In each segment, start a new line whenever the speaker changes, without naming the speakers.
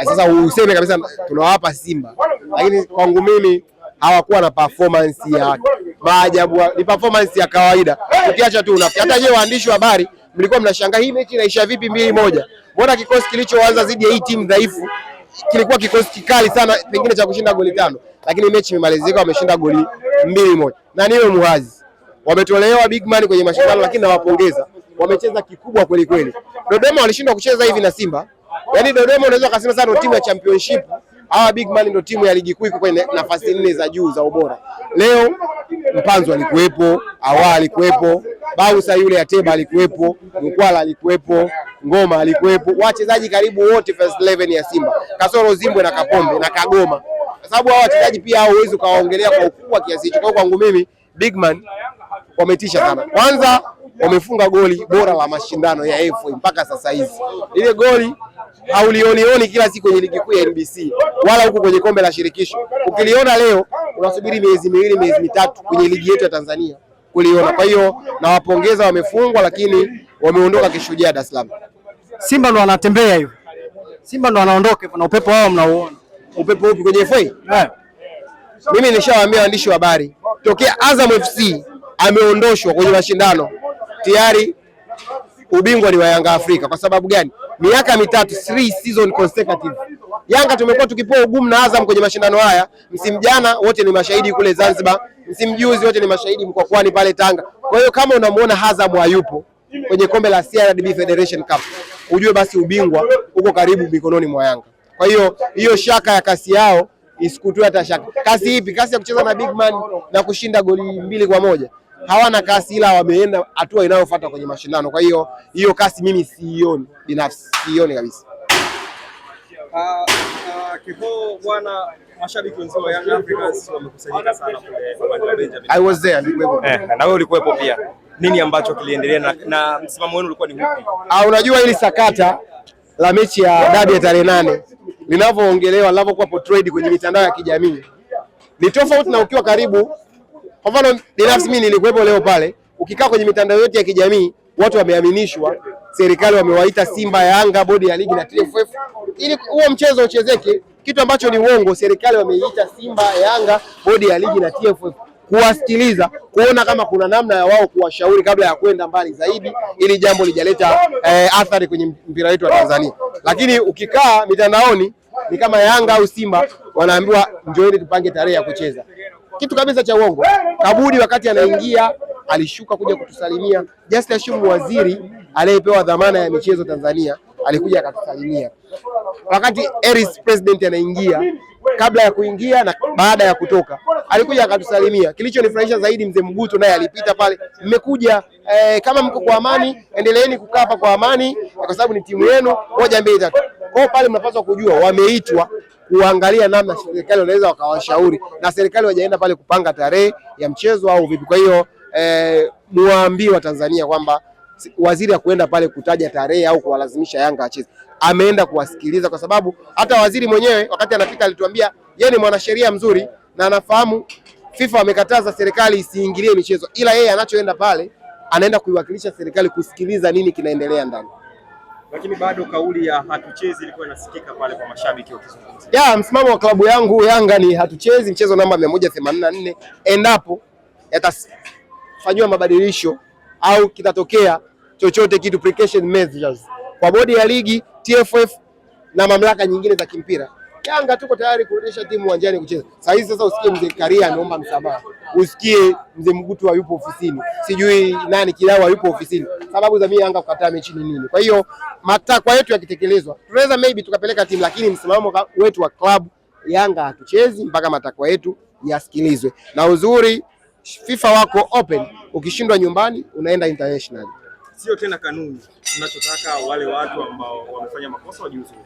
Eh, sasa useme kabisa tunawapa Simba, lakini kwangu mimi hawakuwa na performance ya maajabu, ni performance ya kawaida. Ukiacha tu unafiki, hata nyewe waandishi wa habari mlikuwa mnashangaa hii mechi inaisha vipi mbili moja. Mbona kikosi kilichoanza dhidi ya hii timu dhaifu kilikuwa kikosi kikali sana, pengine cha kushinda goli tano, lakini mechi imemalizika, wameshinda goli mbili moja. Na niwe muhazi, wametolewa big man kwenye mashindano, lakini nawapongeza, wamecheza kikubwa kweli kweli. Dodoma walishindwa kucheza hivi na Simba Yaani Dodoma unaweza kusema sasa ndio timu ya championship. Hawa big man ndio timu ya ligi kuu iko kwenye nafasi nne za juu za ubora. Leo Mpanzo alikuwepo, Awali alikuwepo, Bausa yule ya Teba alikuwepo, Mkwala alikuwepo, Ngoma alikuwepo. Wachezaji karibu wote first 11 ya Simba. Kasoro Zimbwe na Kapombe na Kagoma. Kwa sababu hao wachezaji pia hao huwezi kuwaongelea kwa ukubwa kiasi hicho. Kwa kwangu mimi big man wametisha sana. Kwanza wamefunga goli bora la mashindano ya FA mpaka sasa hizi. Ile goli haulionioni kila siku kwenye ligi kuu ya NBC wala huku kwenye kombe la shirikisho. Ukiliona leo unasubiri miezi miwili miezi mitatu kwenye ligi yetu ya Tanzania kuliona. Kwa hiyo nawapongeza, wamefungwa lakini wameondoka kishujaa Dar es Salaam. Simba ndo anatembea hivyo, Simba ndo anaondoka hivyo, na upepo wao mnauona. Upepo upi kwenye FA? Yeah. Mimi nishawaambia waandishi wa habari tokea Azam FC ameondoshwa kwenye mashindano tayari ubingwa ni wa Yanga Afrika. Kwa sababu gani? miaka mitatu three season consecutive. Yanga tumekuwa tukipewa ugumu na Azam kwenye mashindano haya. Msimu jana wote ni mashahidi kule Zanzibar, msimu juzi wote ni mashahidi Mkwakwani pale Tanga. Kwa hiyo kama unamuona Azam hayupo kwenye kombe la CRDB Federation Cup, ujue basi ubingwa uko karibu mikononi mwa Yanga. Kwa hiyo hiyo shaka ya kasi yao isikutue hata shaka. Kasi ipi? Kasi ya kucheza na big man na kushinda goli mbili kwa moja hawana kasi, ila wameenda hatua inayofuata kwenye mashindano. Kwa hiyo hiyo kasi mimi siioni binafsi, siioni kabisa.
Uh, ah, uh, ah, Kiho bwana, mashabiki wenzao wa Africans wamekusanyika sana kule
Benjamin. I was there, nilikuwepo.
Eh, na wewe ulikuwepo pia. Nini ambacho kiliendelea na, na msimamo wenu ulikuwa ni upi?
Ah, unajua hili sakata la mechi ya dabi ya tarehe nane linavyoongelewa, linavyokuwa portrayed kwenye mitandao ya kijamii ni tofauti na ukiwa karibu kwa mfano binafsi mimi nilikuwepo leo pale, ukikaa kwenye mitandao yote ya kijamii watu wameaminishwa, serikali wamewaita Simba, Yanga, bodi ya ligi na TFF ili huo mchezo uchezeke, kitu ambacho ni uongo. Serikali wameiita Simba, Yanga, bodi ya ligi na TFF kuwasikiliza, kuona kama kuna namna ya wao kuwashauri kabla ya kwenda mbali zaidi, ili jambo lijaleta eh, athari kwenye mpira wetu wa Tanzania. Lakini ukikaa mitandaoni ni kama Yanga au Simba wanaambiwa njoeni tupange tarehe ya kucheza kitu kabisa cha uongo. Kabudi wakati anaingia alishuka kuja kutusalimia. Just assume waziri aliyepewa dhamana ya michezo Tanzania alikuja akatusalimia. Wakati Eris president anaingia, kabla ya kuingia na baada ya kutoka alikuja akatusalimia. Kilichonifurahisha zaidi, mzee Mguto naye alipita pale, mmekuja eh, kama mko kwa amani, endeleeni kukaa hapa kwa amani, kwa sababu ni timu yenu, moja mbili tatu. Kwa pale mnapaswa kujua wameitwa kuangalia namna serikali wanaweza wakawashauri, na serikali wajaenda pale kupanga tarehe ya mchezo au vipi. Kwa hiyo eh, wa Tanzania kwamba waziri hakuenda pale kutaja tarehe au kuwalazimisha Yanga acheze, ameenda kuwasikiliza, kwa sababu hata waziri mwenyewe wakati anafika alituambia yeye ni mwanasheria mzuri na anafahamu FIFA amekataza serikali isiingilie michezo, ila yeye anachoenda pale anaenda kuiwakilisha serikali, kusikiliza nini kinaendelea ndani
lakini bado kauli ya hatuchezi ilikuwa inasikika pale kwa mashabiki wakizungumza.
Ya msimamo wa klabu yangu Yanga ni hatuchezi mchezo namba 184 endapo yatafanyiwa mabadilisho au kitatokea chochote kitu precaution measures kwa bodi ya ligi TFF na mamlaka nyingine za kimpira. Yanga tuko tayari kurudisha timu uwanjani kucheza. Sasa hizi sasa usikie mzee Karia ameomba msamaha usikie mzee Mgutu hayupo ofisini, sijui nani Kilau hayupo ofisini. Sababu za mimi Yanga kukataa mechi ni nini? Kwa hiyo matakwa yetu yakitekelezwa, tunaweza maybe tukapeleka timu, lakini msimamo wetu wa club Yanga hatuchezi mpaka matakwa yetu yasikilizwe. Na uzuri FIFA wako open, ukishindwa nyumbani unaenda international.
Sio tena kanuni, tunachotaka wale watu ambao wamefanya makosa wajiuzuru.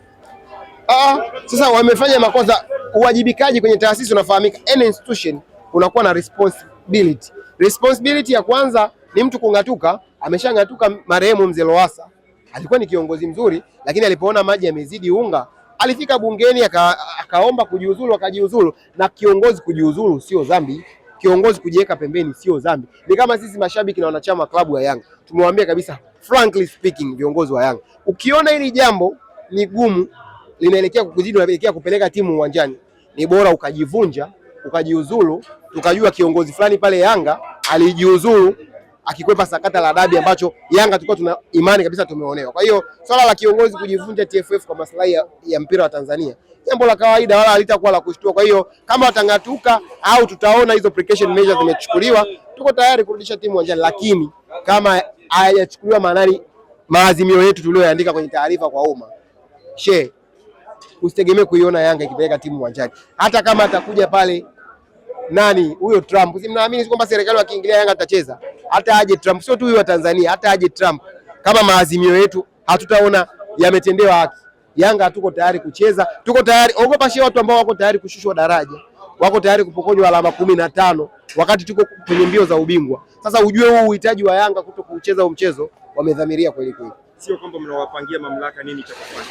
Ah, sasa wamefanya makosa, uwajibikaji kwenye taasisi unafahamika, any institution kunakuwa na responsibility. Responsibility ya kwanza ni mtu kung'atuka, ameshang'atuka. Marehemu mzee Lowassa alikuwa ni kiongozi mzuri, lakini alipoona maji yamezidi unga alifika bungeni aka, akaomba kujiuzulu, akajiuzulu. Na kiongozi kujiuzulu sio dhambi, kiongozi kujiweka pembeni sio dhambi. Ni kama sisi mashabiki na wanachama wa klabu ya Yanga tumewaambia kabisa, frankly speaking, viongozi wa Yanga, ukiona hili jambo ni gumu linaelekea kukuzidi, unaelekea kupeleka timu uwanjani, ni bora ukajivunja ukajiuzulu, tukajua kiongozi fulani pale Yanga alijiuzulu akikwepa sakata la dabi ambacho Yanga tulikuwa tuna imani kabisa tumeonewa. Kwa hiyo swala la kiongozi kujivunja TFF kwa maslahi ya, ya mpira wa Tanzania jambo la kawaida, wala halitakuwa la kushtua. Kwa hiyo kama watangatuka au tutaona hizo precaution measures zimechukuliwa, tuko tayari kurudisha timu uwanjani, lakini kama hayachukuliwa maanani maazimio yetu tuliyoandika kwenye taarifa kwa umma, she usitegemee kuiona Yanga ikipeleka timu uwanjani, hata kama atakuja pale nani huyo Trump. Si mnaamini kwamba serikali wakiingilia Yanga atacheza? Hata aje Trump, sio tu huyo wa Tanzania, hata aje Trump, kama maazimio yetu hatutaona yametendewa haki, Yanga hatuko tayari kucheza. Tuko tayari, ogopa shia watu ambao wako tayari kushushwa daraja, wako tayari kupokonywa alama kumi na tano wakati tuko kwenye mbio za ubingwa. Sasa ujue huu uhitaji wa Yanga kuto kucheza mchezo wamedhamiria kweli kweli,
sio kwamba mnawapangia mamlaka nini cha kufanya.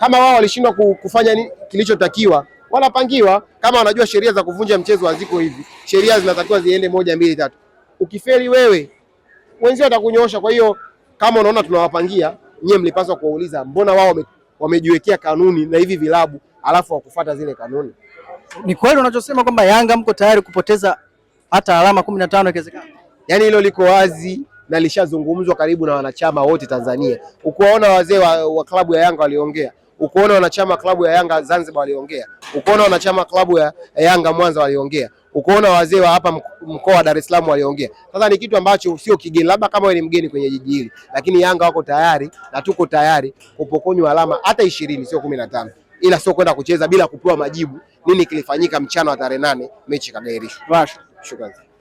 Kama wao walishindwa kufanya kilichotakiwa wanapangiwa. Kama wanajua sheria za kuvunja mchezo haziko hivi, sheria zinatakiwa ziende moja, mbili, tatu. Ukifeli wewe, wenzio watakunyoosha. Kwa hiyo kama unaona tunawapangia nyie, mlipaswa kuwauliza mbona wao wamejiwekea kanuni na hivi vilabu alafu wakufata zile kanuni. Ni kweli unachosema kwamba Yanga mko tayari kupoteza hata alama kumi na tano ikiwezekana? Yaani hilo liko wazi na lishazungumzwa karibu na wanachama wote Tanzania. Ukuwaona wazee wa, wa klabu ya Yanga waliongea ukoona wanachama klabu ya Yanga Zanzibar waliongea, ukoona wanachama klabu ya Yanga Mwanza waliongea, ukoona wazee wa hapa mkoa wa Dar es Salaam waliongea. Sasa ni kitu ambacho sio kigeni, labda kama wewe ni mgeni kwenye jiji hili, lakini Yanga wako tayari na tuko tayari kupokonywa alama hata ishirini, sio kumi na tano ila sio kwenda kucheza bila kupewa majibu, nini kilifanyika mchana wa tarehe nane, mechi ikagairishwa. Shukrani.